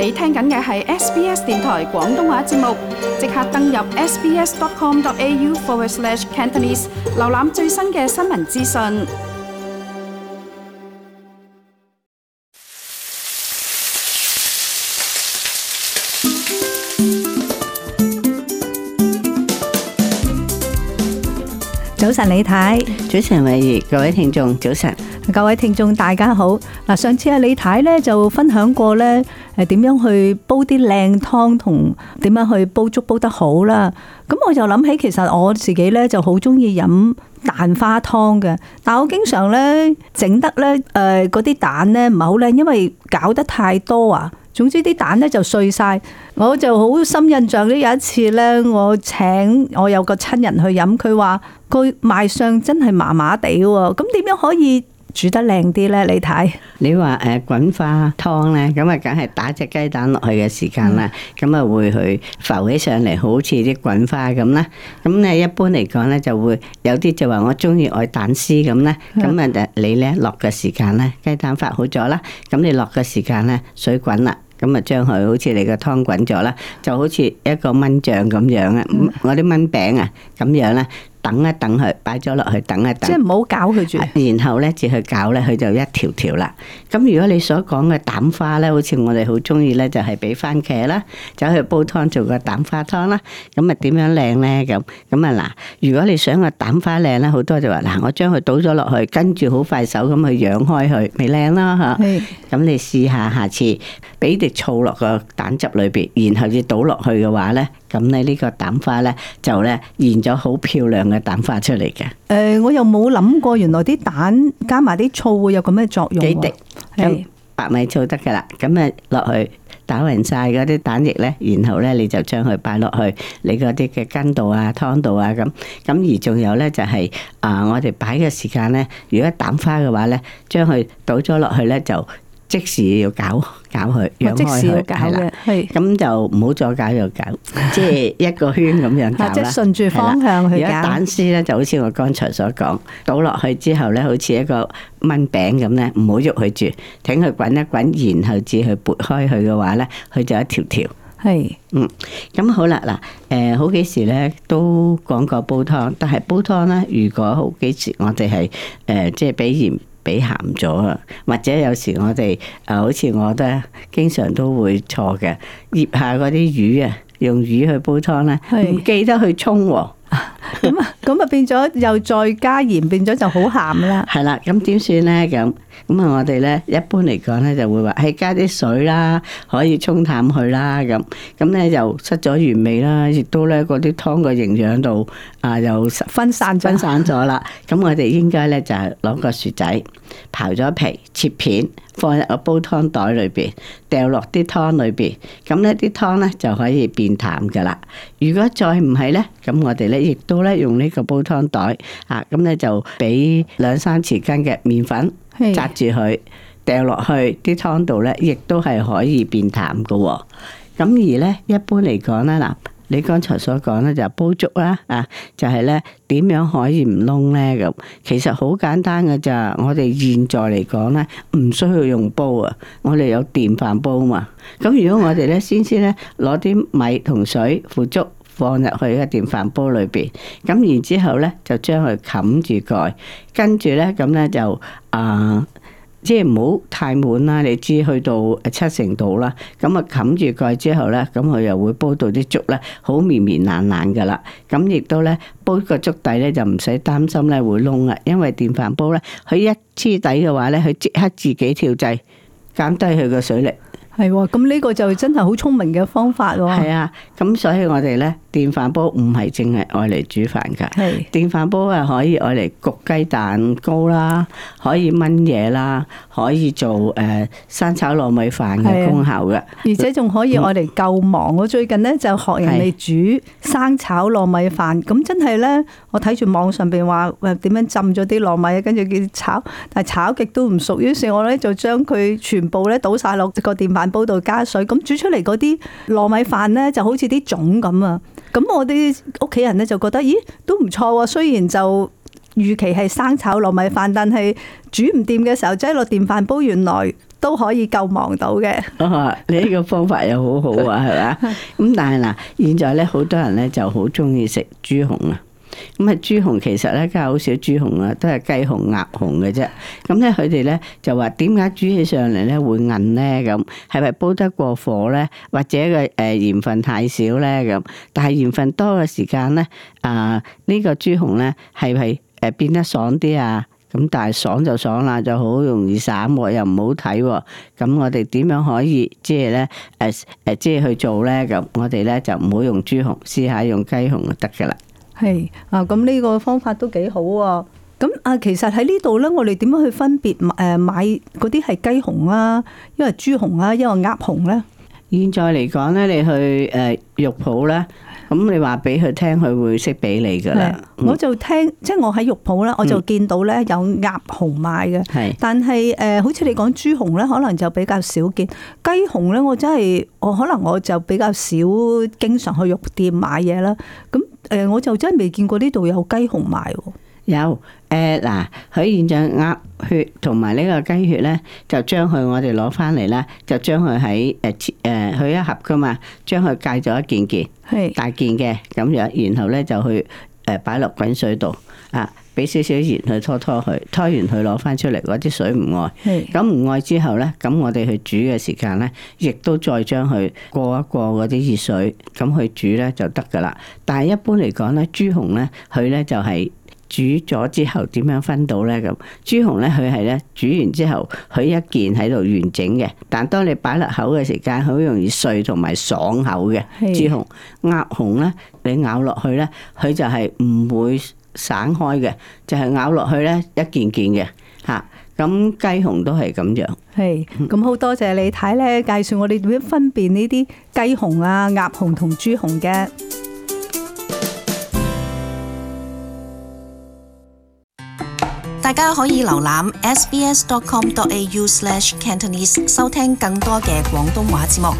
你聽緊嘅係 SBS 電台廣東話節目，即刻登入 sbs.com.au/cantonese an 瀏覽最新嘅新聞資訊。早晨，李太。主持人慧怡，各位聽眾，早晨。各位聽眾大家好，嗱，上次阿李太咧，就分享過咧，誒，點樣去煲啲靚湯同點樣去煲粥煲得好啦。咁我就諗起，其實我自己咧就好中意飲蛋花湯嘅，但我經常咧整得咧，誒、呃，嗰啲蛋咧唔係好靚，因為搞得太多啊。總之啲蛋咧就碎晒，我就好深印象。呢有一次咧，我請我有個親人去飲，佢話佢賣相真係麻麻地喎，咁點樣可以？煮得靚啲咧，你睇。你話誒滾花湯咧，咁啊，梗係打隻雞蛋落去嘅時間啦，咁啊、嗯、會去浮起上嚟，好似啲滾花咁啦。咁咧一般嚟講咧，就會有啲就話我中意愛蛋絲咁啦。咁啊、嗯，你咧落嘅時間咧，雞蛋發好咗啦。咁你落嘅時間咧，水滾啦，咁啊將佢好似你個湯滾咗啦，就好似一個蚊醬咁樣啊，嗯、我啲蚊餅啊咁樣啦。等一等佢，擺咗落去等一等。即係唔好搞佢住。然後咧，至去搞咧，佢就一條條啦。咁如果你所講嘅蛋花咧，好似我哋好中意咧，就係俾番茄啦，走去煲湯做個蛋花湯啦。咁啊，點樣靚咧？咁咁啊嗱，如果你想個蛋花靚咧，好多就話嗱，我將佢倒咗落去，跟住好快手咁去揚開佢，咪靚咯吓。咁是你試下下次，俾啲醋落個蛋汁裏邊，然後要倒落去嘅話咧。咁你呢個蛋花咧就咧現咗好漂亮嘅蛋花出嚟嘅。誒、呃，我又冇諗過，原來啲蛋加埋啲醋會有咁嘅作用。幾滴，係是白米醋得噶啦。咁啊落去打匀晒嗰啲蛋液咧，然後咧你就將佢擺落去你嗰啲嘅羹度啊、湯度啊咁。咁而仲有咧就係啊，就是呃、我哋擺嘅時間咧，如果蛋花嘅話咧，將佢倒咗落去咧就。即時要搞，搞佢，養開佢，係咁吧的就唔好再搞，又搞， 即係一個圈咁樣攪啦。係順住方向去攪。如果蛋絲咧，就好似我剛才所講，倒落去之後咧，好似一個蚊餅咁咧，唔好喐佢住，等佢滾一滾，然後至去撥開佢嘅話咧，佢就一條條。係的，嗯，咁好啦，嗱、呃，誒，好幾時咧都講過煲湯，但係煲湯咧，如果好幾時我哋係誒，即係俾鹽。俾鹹咗啦，或者有時我哋啊，好似我咧，經常都會錯嘅，醃下嗰啲魚啊，用魚去煲湯咧，唔記得去沖，哦，咁啊，咁啊變咗又再加鹽，變咗就好鹹啦。係啦，咁點算咧？咁。咁啊！我哋咧一般嚟講咧就會話，誒加啲水啦，可以沖淡佢啦。咁咁咧又失咗原味啦，亦都咧個啲湯個營養度啊又分散 分散咗啦。咁我哋應該咧就係攞個薯仔刨咗皮，切片放入個煲湯袋裏邊，掉落啲湯裏邊。咁咧啲湯咧就可以變淡噶啦。如果再唔係咧，咁我哋咧亦都咧用呢個煲湯袋啊，咁咧就俾兩三匙羹嘅麵粉。紮住佢，掉落去啲湯度咧，亦都係可以變淡噶。咁而咧，一般嚟講咧，嗱，你剛才所講咧就煲粥啦，啊，就係咧點樣可以唔燶咧咁？其實好簡單噶咋，我哋現在嚟講咧，唔需要用煲啊，我哋有電飯煲嘛。咁如果我哋咧，先先咧攞啲米同水腐粥。放入去個電飯煲裏邊，咁然之後呢，就將佢冚住蓋，上蓋上，跟住呢，咁呢，就、呃、啊，即係唔好太滿啦，你知去到七成度啦，咁啊冚住蓋，上蓋上之後呢，咁佢又會煲到啲粥呢，好綿綿爛爛噶啦，咁亦都呢，煲個粥底呢，就唔使擔心呢會燶啦，因為電飯煲呢，佢一黐底嘅話呢，佢即刻自己跳掣減低佢個水力。係喎，咁呢、這個就真係好聰明嘅方法喎。係啊，咁所以我哋呢，的電飯煲唔係淨係愛嚟煮飯㗎，電飯煲係可以愛嚟焗雞蛋糕啦，可以燜嘢啦，可以做誒生炒糯米飯嘅功效嘅，而且仲可以愛嚟救忙。我、嗯、最近呢，就學人哋煮生炒糯米飯，咁的真係呢，我睇住網上邊話誒點樣浸咗啲糯米，跟住叫炒，但係炒極都唔熟，於是，我呢，就將佢全部呢倒晒落個電飯。煲度加水咁煮出嚟嗰啲糯米飯呢，就好似啲粽咁啊！咁我啲屋企人呢，就覺得，咦，都唔錯喎。雖然就預期係生炒糯米飯，但係煮唔掂嘅時候，擠落電飯煲原來都可以夠忙到嘅，哦。你呢個方法又好好啊，係嘛？ 咁但係嗱，現在呢，好多人呢就好中意食豬紅啊。咁啊，豬紅其實咧，家下好少豬紅啊，都係雞紅、鴨紅嘅啫。咁咧，佢哋咧就話點解煮起上嚟咧，會韌咧？咁係咪煲得過火咧？或者嘅誒鹽分太少咧？咁但係鹽分多嘅時間咧，啊、這個、豬呢個豬紅咧係咪誒變得爽啲啊？咁但係爽就爽啦，就好容易散喎，又唔好睇。咁我哋點樣可以即係咧誒誒即係去做咧？咁我哋咧就唔好用豬紅，試下用雞紅就得噶啦。係啊，咁、這、呢個方法都幾好喎、啊。咁啊、嗯，其實喺呢度呢，我哋點樣去分別誒買嗰啲係雞紅啦，因為豬紅啦，因為鴨紅呢？現在嚟講呢，你去誒、呃、肉鋪呢，咁你話俾佢聽，佢會識俾你噶啦、啊。我就聽，嗯、即係我喺肉鋪呢，我就見到呢有鴨紅賣嘅，嗯、但係誒、呃，好似你講豬紅呢，可能就比較少見。雞紅呢，我真係我可能我就比較少經常去肉店買嘢啦。咁、嗯。嗯誒，我就真係未見過雞、哦呃、雞呢度有雞紅賣。有誒，嗱，佢現象鴨血同埋呢個雞血咧，就將佢我哋攞翻嚟啦，就將佢喺誒誒，佢、呃、一盒噶嘛，將佢解咗一件件係是大件嘅咁樣，然後咧就去誒擺落滾水度啊。俾少少鹽去拖拖佢，拖完佢攞返出嚟，嗰啲水唔愛。咁唔的愛之後呢，咁我哋去煮嘅時間呢，亦都再將佢過一過嗰啲熱水，咁去煮呢就得㗎喇。但係一般嚟講呢，豬紅呢，佢呢就係煮咗之後點樣分到呢？咁，豬紅呢，佢係呢煮完之後，佢一件喺度完整嘅。但係當你擺落口嘅時間，好容易碎同埋爽口嘅豬紅。鴨紅的呢，你咬落去呢，佢就係唔會，散開嘅，就係咬落去咧一件件嘅嚇，咁雞紅都係咁樣。係，咁好多謝你睇咧，介紹我哋點樣分辨呢啲雞紅啊、鴨紅同豬紅嘅。大家可以瀏覽 sbs.com.au/cantonese，收聽更多嘅廣東話節目。